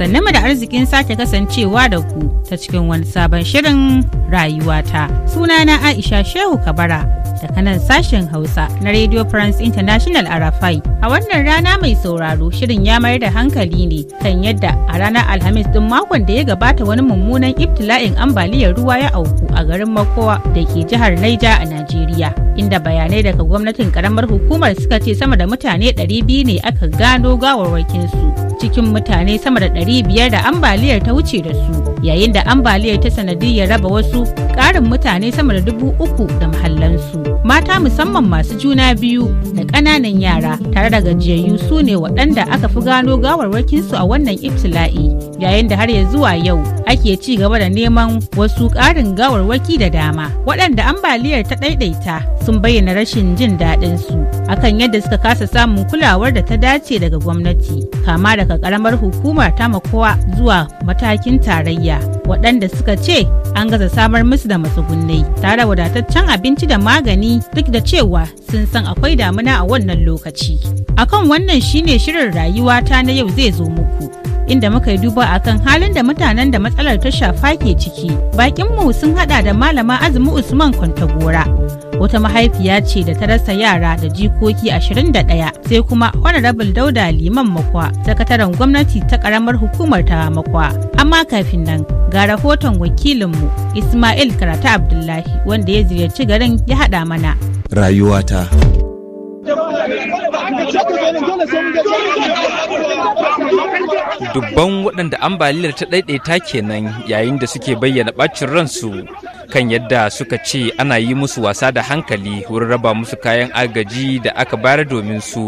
sannan mu da arzikin sake kasancewa da ku ta cikin wani sabon shirin rayuwata sunana aisha shehu kabara daga nan sashen hausa na radio france international arafai a wannan rana mai sauraro shirin ya mayar da hankali ne kan yadda a ranar alhamis din makon da ya gabata wani mummunan ibtila'in ambaliyar ruwa ya auku a garin makowa da ke jihar naija a najeriya inda bayanai daga gwamnatin karamar hukumar suka ce sama da mutane ɗari biyu ne aka gano gawarwakinsu cikin mutane sama da ɗari biyar da ambaliyar ta wuce da su yayin da ambaliyar ta sanadiyar raba wasu ƙarin mutane sama da dubu uku da mahallansu mata musamman masu juna biyu da ƙananan yara tare da gajiyayyu su ne waɗanda aka fi gano gawarwakinsu a wannan ibtila'i yayin da har ya zuwa yau ake ci gaba da neman wasu ƙarin gawarwaki da dama waɗanda ambaliyar ta ɗaiɗaita sun bayyana rashin jin daɗinsu akan yadda suka kasa samun kulawar da ta dace daga gwamnati kama da daga karamar hukuma ta makowa zuwa matakin tarayya waɗanda suka ce an gaza samar musu da matsugunai tare wadataccen abinci da magani duk da cewa sun san akwai damuna a wannan lokaci akan wannan shine shirin rayuwa ta na yau zai zo muku inda muka yi duba akan halin da mutanen da matsalar ta shafa ke ciki mu sun hada da malama azumi usman kwantagora wata mahaifiya ce da ta rasa yara da jikoki 21 sai kuma honorable dauda liman makwa sakataren gwamnati ta karamar hukumar ta makwa amma kafin nan ga rahoton wakilinmu ismail karata abdullahi wanda ya ziyarci garin ya haɗa mana rayuwata dubban waɗanda ambaliyar ta ɗaiɗaita kenan yayin da suke bayyana ɓacin ransu kan yadda suka ce ana yi musu wasa da hankali wurin raba musu kayan agaji da aka bayar domin su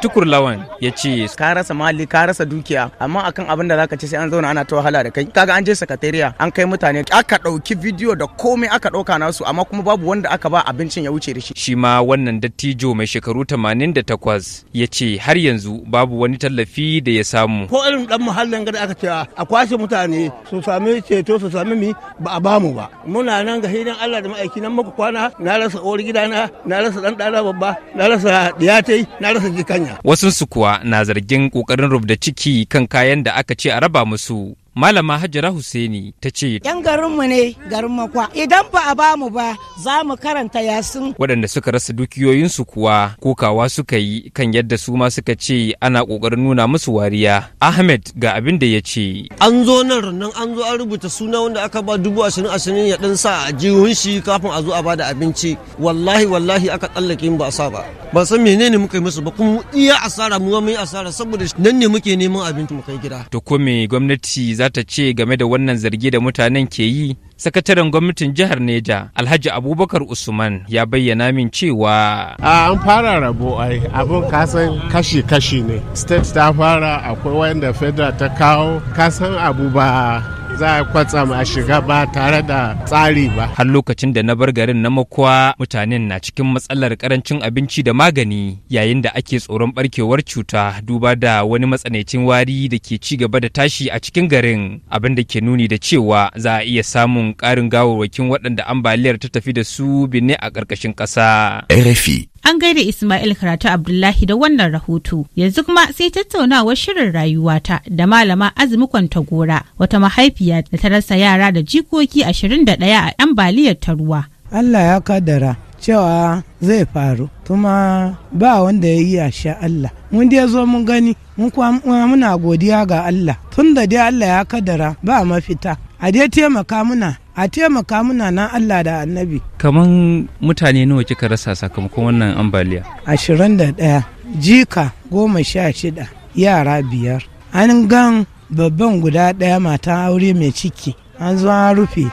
tukur lawan ya ce ka rasa mali ka rasa dukiya amma akan abin da zaka ce sai an zauna ana ta wahala da kai kaga an je sakatariya an kai mutane aka ɗauki bidiyo da komai aka ɗauka nasu amma kuma babu wanda aka ba abincin ya wuce da shi shi ma wannan dattijo mai shekaru 88 ya ce har yanzu babu wani tallafi da ya samu ko irin dan muhallin gada aka cewa a kwashe mutane su sami ceto su sami mi ba a bamu ba muna nan ga hidin Allah da ma'aiki nan muka kwana na rasa uwar gidana na rasa dan dana babba na rasa diyatai na rasa jikanya wasu su kuwa na zargin kokarin rubda ciki kan kayan da aka ce a raba musu Malama Hajara Hussaini ta ce, ‘Yan garinmu ne garin makwa, idan ba a ba mu ba za mu karanta yasin. Waɗanda suka rasa dukiyoyinsu kuwa kokawa suka yi kan yadda su ma suka ce ana ƙoƙarin nuna musu wariya. Ahmed ga abin da ya ce. An zo nan rannan an zo an rubuta suna wanda aka ba dubu ashirin ashirin ya ɗan sa a jihun shi kafin a zo a bada abinci. Wallahi wallahi aka tsallake ba a sa ba. Ba san menene muka yi musu ba kuma iya asara mu ma mun asara saboda nan ne muke neman abinci mu kai gida. To ko me gwamnati za ta ce game da wannan zargi da mutanen ke yi sakataren gwamnatin jihar neja alhaji abubakar usman ya bayyana min cewa an fara rabo ai abin kasan kashi-kashi ne state ta fara akwai wanda federal ta kawo kasan abu ba za a kwatsa a shiga ba tare da tsari ba. Har lokacin da na bar garin na makwa, mutanen na cikin matsalar karancin abinci da magani yayin da ake tsoron barkewar cuta duba da wani matsanancin wari da ke ci gaba da tashi a cikin garin abin da ke nuni da cewa za a iya samun ƙarin gawarwakin waɗanda ambaliyar ta tafi da su bine a ƙarƙashin ƙasa. RFI An gaida Ismail Karatu Abdullahi da wannan rahoto. Yanzu kuma sai tattaunawar shirin rayuwata da malama Azumi Kwantagora, wata mahaifiya da ta rasa yara da jikoki 21 a ambaliyar ta ruwa. Allah ya kadara cewa zai faru kuma ba wanda ya yi sha Allah mun dai zo mun gani mun kuma muna godiya ga Allah tun da dai Allah ya kadara ba mafita a dai taimaka muna a taimaka muna na Allah da annabi kaman mutane nawa kika rasa sakamakon wannan ambaliya ashirin da ɗaya jika goma sha shida yara biyar an gan babban guda ɗaya mata aure mai ciki an zo an rufe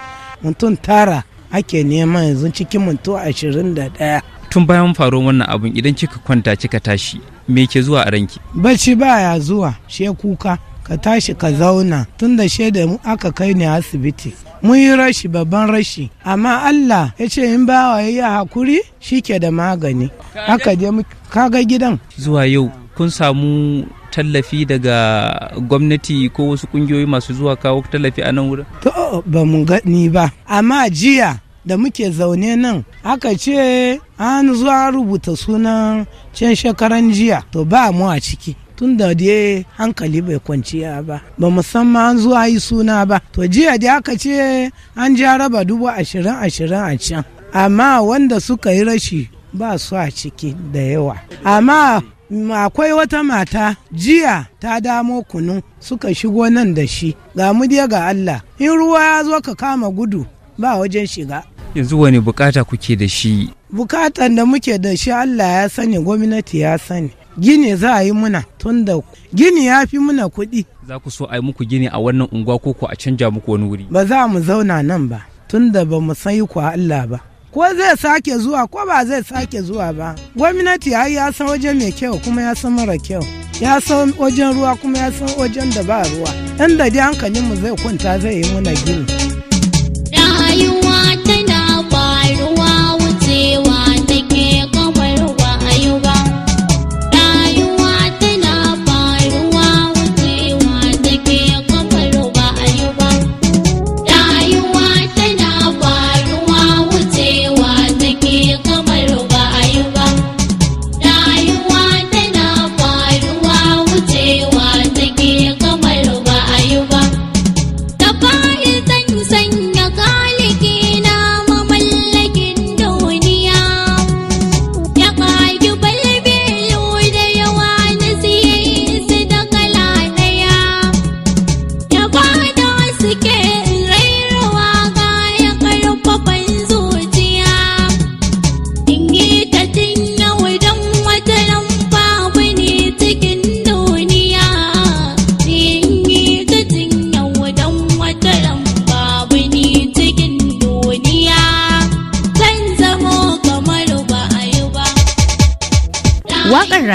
mutum tara ake neman yanzu cikin mintu ashirin da ɗaya. Tun bayan faruwar wannan abun idan kika kwanta kika tashi me ke zuwa a ranki? Bacci baya zuwa she kuka ka tashi ka zauna tun da she da aka kai ni asibiti. Mun yi rashi babban rashi amma Allah ya ce in bawa ya hakuri shi ke da magani. Aka je kaga gidan. Zuwa yau kun samu tallafi daga gwamnati ko wasu kungiyoyi masu zuwa kawo tallafi a nan wurin? To ba mu gani ba, amma jiya da muke zaune nan aka ce an zuwa rubuta sunan can shekaran jiya to ba mu a ciki. tun da dai hankali bai kwanciya ba ba musamman an zuwa yi suna ba to jiya da aka ce an ja raba dubu ashirin ashirin a can amma wanda suka yi rashi ba su a ciki da yawa amma Mm, akwai wata mata jiya ta damo kunu suka shigo nan da shi ga mu ga Allah in ruwa ya zo ka kama gudu ba wajen shiga yanzu wani bukata kuke da shi bukatan da muke da shi Allah ya sani gwamnati ya sani gini za a yi muna tun da gini ya fi muna kuɗi za ku so a yi muku gini a wannan unguwa ko a canja muku wani wuri ba za mu zauna nan ba tun da ba mu sai ku Allah ba ko zai sake zuwa ko ba zai sake zuwa ba gwamnati ai ya san wajen mai kyau kuma ya san mara kyau ya san wajen ruwa kuma ya san wajen da ba ruwa inda dai hankalinmu zai kwanta zai yi mana gini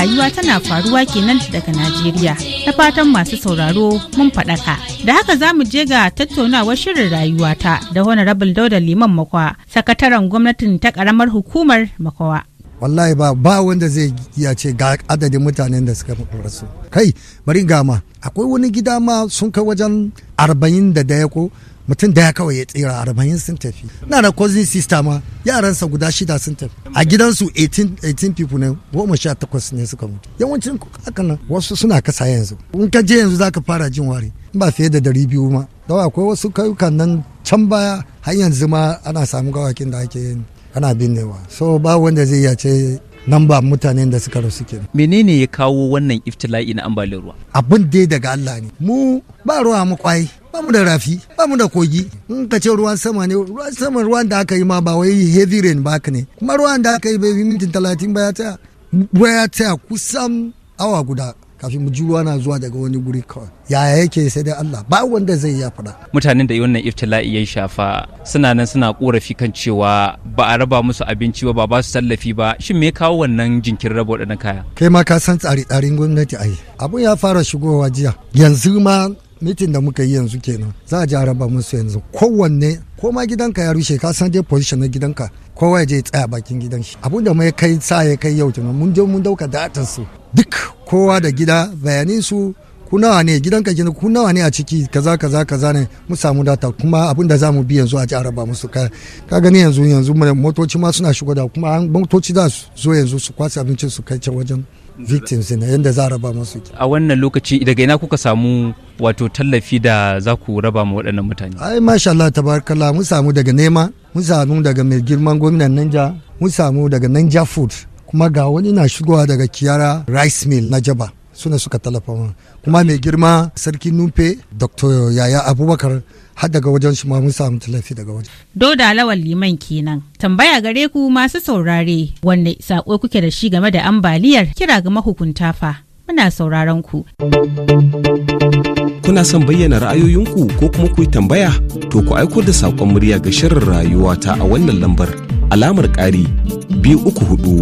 rayuwa tana faruwa kenan daga Najeriya. Ta fatan masu sauraro mun faɗaka. Da haka za mu je ga tattaunawar shirin rayuwa ta da Honorable Dauda Liman Makwa, sakataren gwamnatin ta karamar hukumar Makwa. Wallahi ba ba wanda zai iya ce ga adadin mutanen da suka rasu. Kai, bari gama, akwai wani gida ma sun kai wajen arba'in da daya ko mutum daya kawai ya tsira arba'in sun tafi na da cousin sister ma yaransa guda shida sun tafi a gidansu 18 people ne goma sha takwas ne suka mutu yawancin haka nan wasu suna kasa yanzu in ka je yanzu zaka fara jin wari ba fiye da dari biyu ma dawa akwai wasu kayukan nan can baya har yanzu ma ana samu gawakin da ake yin ana binnewa so ba wanda zai iya ce nan ba mutanen da suka rasu kenan. Menene ya kawo wannan iftila'i na ambaliyar ruwa? Abin dai daga Allah ne. Mu ba ruwa mu kwai ba mu da rafi ba mu da kogi in ka ce ruwan sama ne ruwan sama ruwan da aka yi ma ba wai heavy rain ba ka ne kuma ruwan da aka yi bai mintin talatin ba ya taya. Ba ya taya kusan awa guda kafin mu ji ruwa na zuwa daga wani guri kawai yaya yake sai dai Allah ba wanda zai iya fada mutanen da wannan iftila'i ya shafa suna nan suna korafi kan cewa ba a raba musu abinci ba ba ba su tallafi ba shin me kawo wannan jinkirin rabo na kaya kai ma ka san tsari-tsarin gwamnati ai abun ya fara shigowa jiya yanzu ma mitin da muka yi yanzu kenan za a ji musu yanzu kowanne ko ma gidanka ya rushe ka san dai position na gidanka kowa ya je tsaya bakin gidan shi abun da mai kai sa ya kai yau tunan mun je mun dauka datan su duk kowa da gida bayanin su ku nawa ne gidanka gina ku nawa ne a ciki kaza kaza kaza ne mu samu data kuma abin da zamu bi yanzu a ji araba musu ka ka gani yanzu yanzu motoci ma suna shigo da kuma motoci za su zo yanzu su kwasa abincin su kai can wajen victims na yadda za a raba masu a wannan lokaci daga ina kuka samu wato tallafi da za ku raba ma waɗannan mutane ai masha Allah tabarakallah mun samu daga nema mun samu daga mai girman gwamnan Nanja mun samu daga Nanja food kuma ga wani na shigowa daga Kiyara rice mill na Jaba suna suka tallafa mu kuma mai girma sarki numfe dr yaya abubakar har daga wajen shi ma mun samu tallafi daga wajen. Doda lawan Liman kenan. Tambaya gare ku masu saurare wanne sako kuke da shi game da ambaliyar kira ga mahukunta fa. Muna sauraron ku. Kuna son bayyana ra'ayoyinku ko kuma ku tambaya? To ku aiko da saƙon murya ga shirin rayuwa ta a wannan lambar alamar ƙari biyu uku hudu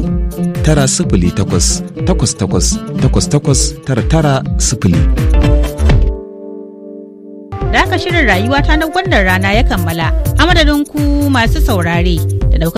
tara sifili takwas takwas takwas takwas takwas tara tara sifili. Da aka shirin rayuwata na wannan rana ya kammala, a madadin ku masu saurare da